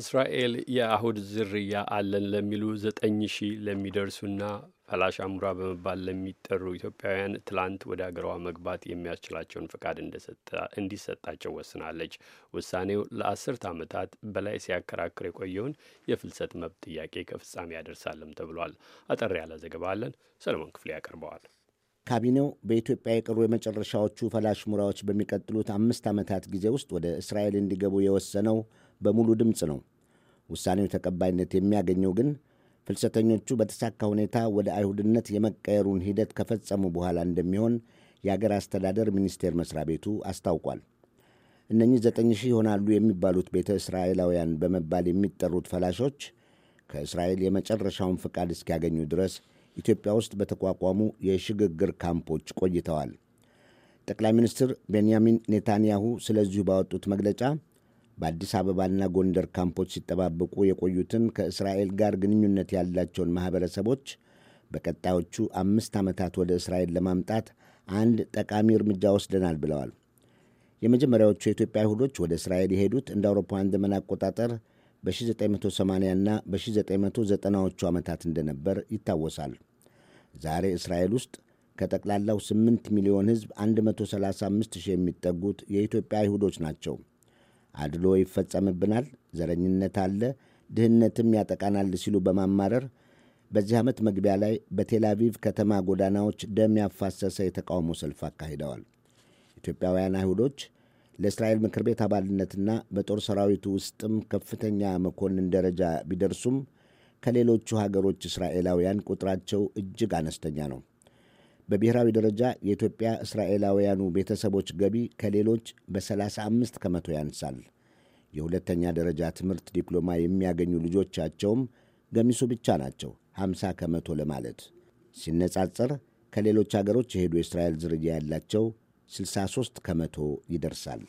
እስራኤል የአሁድ ዝርያ አለን ለሚሉ ዘጠኝ ሺህ ለሚደርሱና ፈላሽ ሙራ በመባል ለሚጠሩ ኢትዮጵያውያን ትላንት ወደ አገሯ መግባት የሚያስችላቸውን ፈቃድ እንዲሰጣቸው ወስናለች። ውሳኔው ለአስርት ዓመታት በላይ ሲያከራክር የቆየውን የፍልሰት መብት ጥያቄ ከፍጻሜ ያደርሳልም ተብሏል። አጠር ያለ ዘገባ አለን። ሰለሞን ክፍሌ ያቀርበዋል። ካቢኔው በኢትዮጵያ የቀሩ የመጨረሻዎቹ ፈላሽ ሙራዎች በሚቀጥሉት አምስት ዓመታት ጊዜ ውስጥ ወደ እስራኤል እንዲገቡ የወሰነው በሙሉ ድምፅ ነው። ውሳኔው ተቀባይነት የሚያገኘው ግን ፍልሰተኞቹ በተሳካ ሁኔታ ወደ አይሁድነት የመቀየሩን ሂደት ከፈጸሙ በኋላ እንደሚሆን የአገር አስተዳደር ሚኒስቴር መስሪያ ቤቱ አስታውቋል። እነኚህ ዘጠኝ ሺህ ይሆናሉ የሚባሉት ቤተ እስራኤላውያን በመባል የሚጠሩት ፈላሾች ከእስራኤል የመጨረሻውን ፍቃድ እስኪያገኙ ድረስ ኢትዮጵያ ውስጥ በተቋቋሙ የሽግግር ካምፖች ቆይተዋል። ጠቅላይ ሚኒስትር ቤንያሚን ኔታንያሁ ስለዚሁ ባወጡት መግለጫ በአዲስ አበባና ጎንደር ካምፖች ሲጠባበቁ የቆዩትን ከእስራኤል ጋር ግንኙነት ያላቸውን ማኅበረሰቦች በቀጣዮቹ አምስት ዓመታት ወደ እስራኤል ለማምጣት አንድ ጠቃሚ እርምጃ ወስደናል ብለዋል። የመጀመሪያዎቹ የኢትዮጵያ አይሁዶች ወደ እስራኤል የሄዱት እንደ አውሮፓውያን ዘመን አቆጣጠር በ1980 ና በ1990ዎቹ ዓመታት እንደነበር ይታወሳል። ዛሬ እስራኤል ውስጥ ከጠቅላላው 8 ሚሊዮን ሕዝብ 135 ሺህ የሚጠጉት የኢትዮጵያ አይሁዶች ናቸው። አድሎ ይፈጸምብናል፣ ዘረኝነት አለ፣ ድህነትም ያጠቃናል ሲሉ በማማረር በዚህ ዓመት መግቢያ ላይ በቴላቪቭ ከተማ ጎዳናዎች ደም ያፋሰሰ የተቃውሞ ሰልፍ አካሂደዋል። ኢትዮጵያውያን አይሁዶች ለእስራኤል ምክር ቤት አባልነትና በጦር ሰራዊቱ ውስጥም ከፍተኛ መኮንን ደረጃ ቢደርሱም ከሌሎቹ ሀገሮች እስራኤላውያን ቁጥራቸው እጅግ አነስተኛ ነው። በብሔራዊ ደረጃ የኢትዮጵያ እስራኤላውያኑ ቤተሰቦች ገቢ ከሌሎች በ35 ከመቶ ያንሳል። የሁለተኛ ደረጃ ትምህርት ዲፕሎማ የሚያገኙ ልጆቻቸውም ገሚሱ ብቻ ናቸው፣ 50 ከመቶ ለማለት ሲነጻጸር ከሌሎች አገሮች የሄዱ የእስራኤል ዝርያ ያላቸው 63 ከመቶ ይደርሳል።